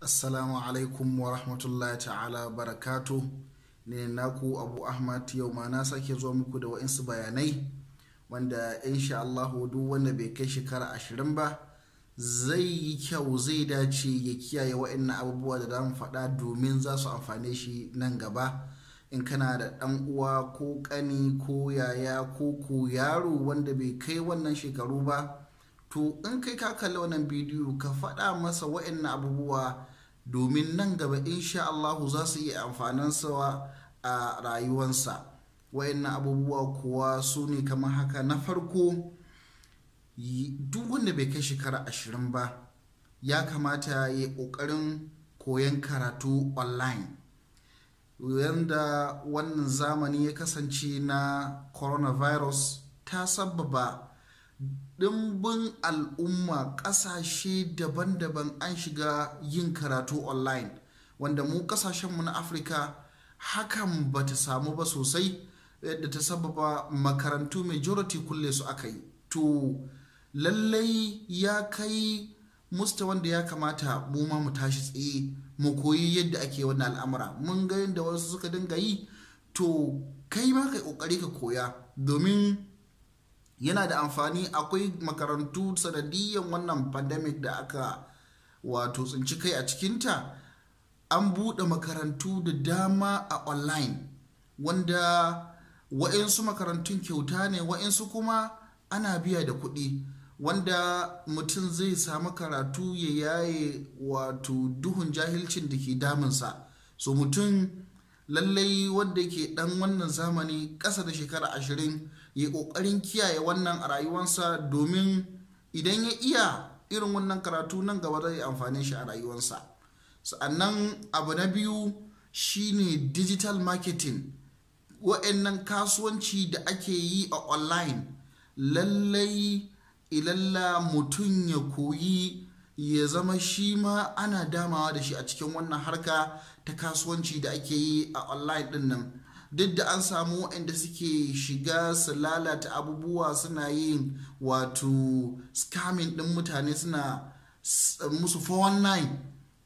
assalamu alaikum wa rahmatullahi ta'ala barakatu ne naku abu ahmad yau ma na sake zuwa muku da wa'insu bayanai wanda insha Allah duk wanda bai kai shekara ashirin ba zai yi kyau zai dace ya kiyaye wa'in abubuwa da zamu faɗa domin za su amfane shi nan gaba in kana da ɗan uwa ko ƙani ko yaya ko ko yaro wanda bai kai wannan shekaru ba to in kai ka kalli wannan bidiyo ka faɗa masa wa'in abubuwa domin nan gaba insha Allah za su iya amfaninsa a rayuwansa Wa'in abubuwa kuwa su ne kamar haka na farko duk wanda bai kai shekara ashirin ba ya kamata ya yi ƙoƙarin koyon karatu online yadda wannan zamani ya kasance na coronavirus ta sababa dimbin al'umma ƙasashe daban-daban an shiga yin karatu online wanda mu ƙasashenmu na afirka hakan ba ta samu ba sosai yadda ta sababa makarantu majority kulle su aka yi to lallai ya kai musta wanda ya kamata mu ma mu tashi tsaye mu koyi yadda ake wannan al'amura mun ga yadda wasu suka dinga yi to kai ma kai kokari ka koya domin yana da amfani akwai makarantu sanadiyan wannan pandemic da aka wato tsinci kai a cikinta an buɗe makarantu da dama a online wanda wa'insu makarantun kyauta ne wa'insu kuma ana biya da kuɗi wanda mutum zai samu karatu ya yaye wato duhun jahilcin da ke damunsa so mutum lallai wanda ke ɗan wannan zamani ƙasa da shekara ashirin ya ƙoƙarin kiyaye wannan a rayuwansa domin idan ya iya irin wannan karatu nan gaba zai amfane shi a rayuwansa sa'annan abu na biyu shine digital marketing wa'annan kasuwanci da ake yi a online lallai ilalla mutum ya koyi ya zama shi ma ana damawa da shi a cikin wannan harka ta kasuwanci da ake yi a online din nan duk da an samu waɗanda suke shiga su lalata abubuwa suna yin wato scamming ɗin mutane suna musu 419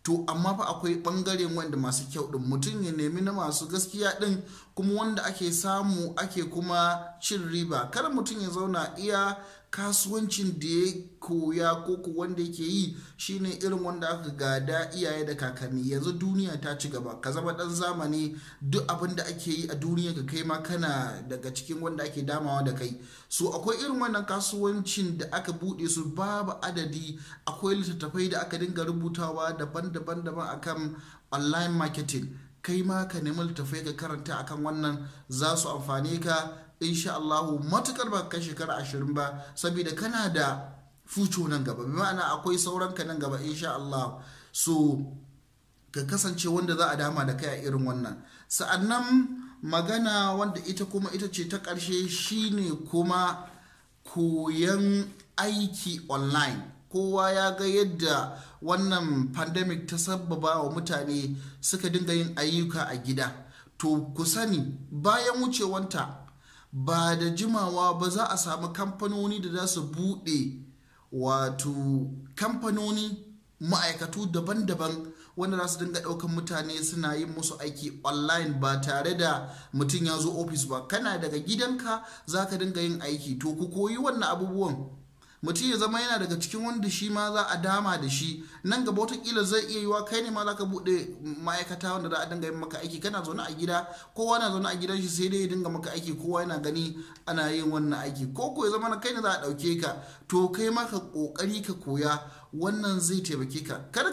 to amma fa akwai ɓangaren wanda masu kyau ɗin mutum ya nemi na masu gaskiya ɗin kuma wanda ake samu ake kuma cin riba kar mutum ya zauna iya kasuwancin da ya koya koko wanda yake yi shine irin wanda aka gada iyaye da kakanni yanzu duniya ta ci gaba ka zama dan zamani duk abin da ake yi a duniya ka kai ma kana daga cikin wanda ake damawa da kai so akwai irin wannan kasuwancin da aka bude su babu adadi akwai littattafai da aka dinga rubutawa daban-daban daban akan online marketing kai ma ka nemi littattafai ka karanta akan wannan za su amfane ka insha Allahu matukar ba ka shekara ashirin ba saboda kana da fuco nan gaba bi ma'ana akwai sauran ka nan gaba insha Allah so ka kasance wanda za a dama da kai a irin wannan sa'annan magana wanda ita kuma ita ce ta ƙarshe shine kuma koyan aiki online kowa ya ga yadda wannan pandemic ta sababa wa mutane suka dinga yin ayyuka a gida to ku sani bayan wucewanta ba da jimawa ba za a samu kamfanoni da za su buɗe wato kamfanoni ma'aikatu daban-daban wanda za su dinga ɗaukan mutane suna yin musu aiki online ba tare da mutum ya zo ofis ba kana daga gidanka za ka dinga yin aiki to ku koyi wannan abubuwan mutum ya zama yana daga cikin wanda shi ma za a dama da shi nan gaba watakila zai iya yiwa kai ne ma za ka buɗe ma'aikata wanda za a dinga yin maka aiki kana zaune a gida kowa na zaune a gidan shi sai dai ya dinga maka aiki kowa yana gani ana yin wannan aiki ko ko ya zama na kai ne za a ɗauke ka to kai ma ka ƙoƙari ka koya wannan zai taimake ka kar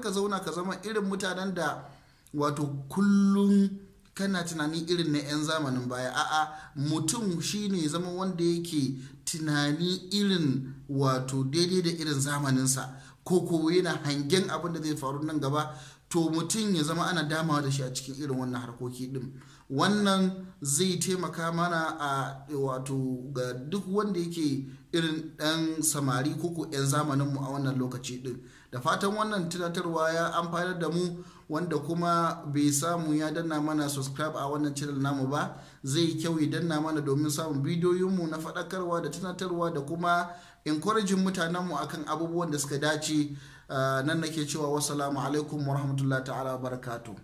ka zauna ka zama irin mutanen da wato kullum kana tunani irin na 'yan zamanin baya a'a mutum shi ne zama wanda yake tunani irin wato daidai da irin zamaninsa ko ko yana hangen abin da zai faru nan gaba to mutum ya zama ana damawa da shi a cikin irin wannan harkoki din wannan zai taimaka mana a wato ga duk wanda yake irin ɗan samari koko 'yan mu a wannan lokaci din da fatan wannan tunatarwa ya amfanar da mu wanda kuma bai samu ya danna mana subscribe a wannan channel namu ba zai kyau ya danna mana domin samun bidiyoyinmu na faɗakarwa da tunatarwa da kuma encouraging mutanenmu akan abubuwan da suka dace Eh, nan nake cewa wasu alaikum wa rahmatullahi ta'ala barakatuh